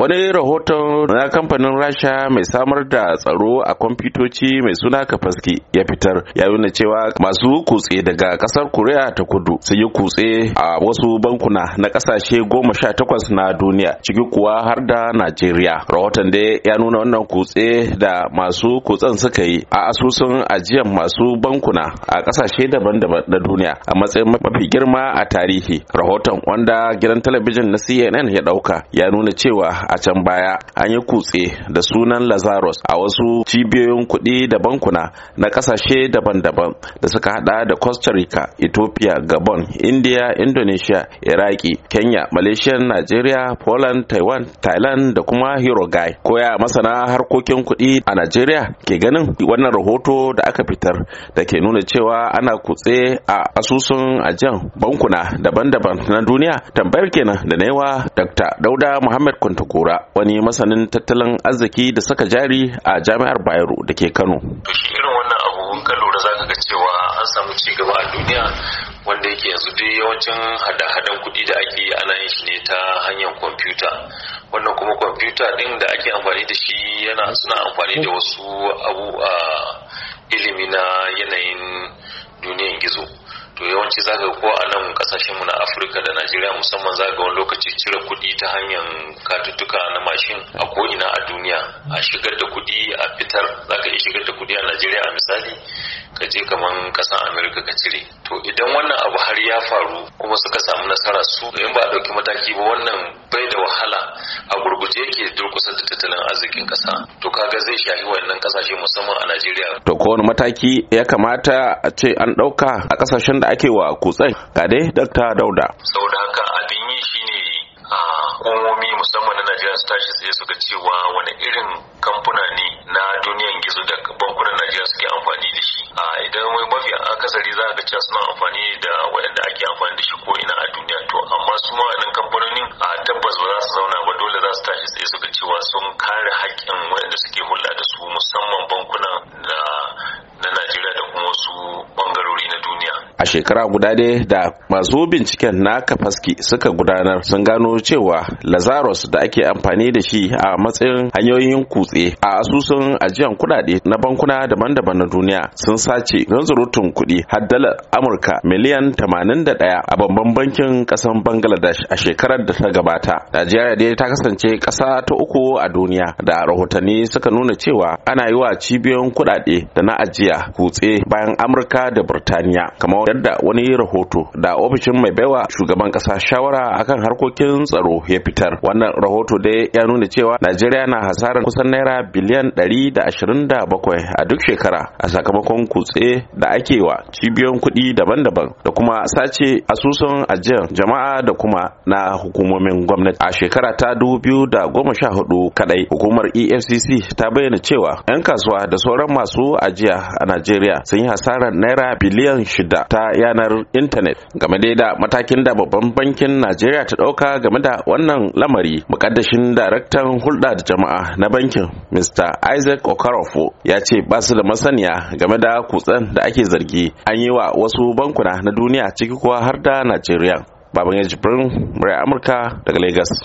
wani rahoton na kamfanin rasha mai samar da tsaro a kwamfutoci mai suna kafaski ya fitar ya nuna cewa masu kutse daga kasar korea ta kudu sun yi kutse a wasu bankuna na kasashe goma sha takwas na duniya ciki kuwa har da najeriya rahoton da ya nuna wannan kutse da masu kutsen suka yi a asusun ajiyar masu bankuna a kasashe daban-daban na duniya a matsayin mafi girma a tarihi rahoton wanda gidan talabijin na cnn ya dauka ya nuna cewa a can baya an yi kutse da sunan lazarus a wasu cibiyoyin kuɗi da bankuna na ƙasashe daban-daban da suka hada da costa rica ethiopia gabon india indonesia iraki kenya malaysia nigeria poland taiwan thailand da kuma hirogai koya masana harkokin kuɗi a nigeria ke ganin wannan rahoto da aka fitar da ke nuna cewa ana kutse a asusun ajiyan bankuna daban-daban na duniya tambayar kenan da na dr dauda muhammad Kuntuko. Kura wani masanin tattalin arziki da saka jari a jami'ar Bayero da ke Kano. irin wannan abubuwan ka lura zaka ga cewa an samu ci gaba a duniya wanda yake yanzu dai yawancin hada-hadan kuɗi da ake yi ana yin shi ne ta hanyar kwamfuta wannan kuma kwamfuta ɗin da ake amfani da shi yana suna amfani da wasu abu a ah, ilimi na yanayin duniyar gizo yawanci zaka ko a nan kasashen mu na Afirka da Najeriya musamman zaka wani lokaci cire kuɗi ta hanyar katutuka na mashin a ko ina a duniya a shigar da kuɗi a fitar zaka iya shigar da kuɗi a Najeriya a misali ka je kaman kasan Amerika ka cire to idan wannan abu har ya faru kuma suka samu nasara su in ba a ɗauki mataki ba wannan bai da wahala a gurgurta waje yake durkusa da tattalin arzikin kasa to kaga zai shafi wannan kasashe musamman a Najeriya to ko wani mataki ya kamata a ce an dauka a kasashen da ake wa kutsen ga dai Dr. Dauda saboda haka abin yi shine a hukumomi musamman na Najeriya su tashi tsaye suka cewa wani irin kamfuna ne na duniyan gizo da bankunan Najeriya suke amfani da shi a idan mafi akasari za ga cewa suna amfani da a shekara guda ne da masu binciken na kafaski suka gudanar sun gano cewa lazarus da ake amfani da shi a matsayin hanyoyin kutse a asusun ajiyan kudade na bankuna daban-daban na duniya sun sace rutun kuɗi har dalar amurka miliyan 81 a babban bankin ƙasar bangladesh a shekarar da ta gabata najeriya dai ta kasance ƙasa ta uku a duniya da rahotanni suka nuna cewa ana yi wa cibiyoyin kudade da na ajiya kutse bayan amurka da burtaniya kamar fitar da wani rahoto da ofishin mai baiwa shugaban kasa shawara akan harkokin tsaro ya fitar wannan rahoto dai ya nuna cewa najeriya na hasarar kusan naira biliyan 127 a duk shekara a sakamakon kutse da ake wa cibiyoyin kuɗi daban-daban da kuma sace asusun ajiyar jama'a da kuma na hukumomin gwamnati a shekara ta 2014 kadai hukumar efcc ta bayyana cewa 'yan kasuwa da sauran masu ajiya a najeriya sun yi hasarar naira biliyan shida ta ta yanar intanet game da da matakin da babban bankin najeriya ta dauka game da wannan lamari mukaddashin daraktan hulɗa da jama'a na bankin mr isaac okarofo ya ce ba su da masaniya game da kutsen da ake zargi an yi wa wasu bankuna na duniya ciki kuwa har da najeriya baban ya jibrin murai amurka daga lagos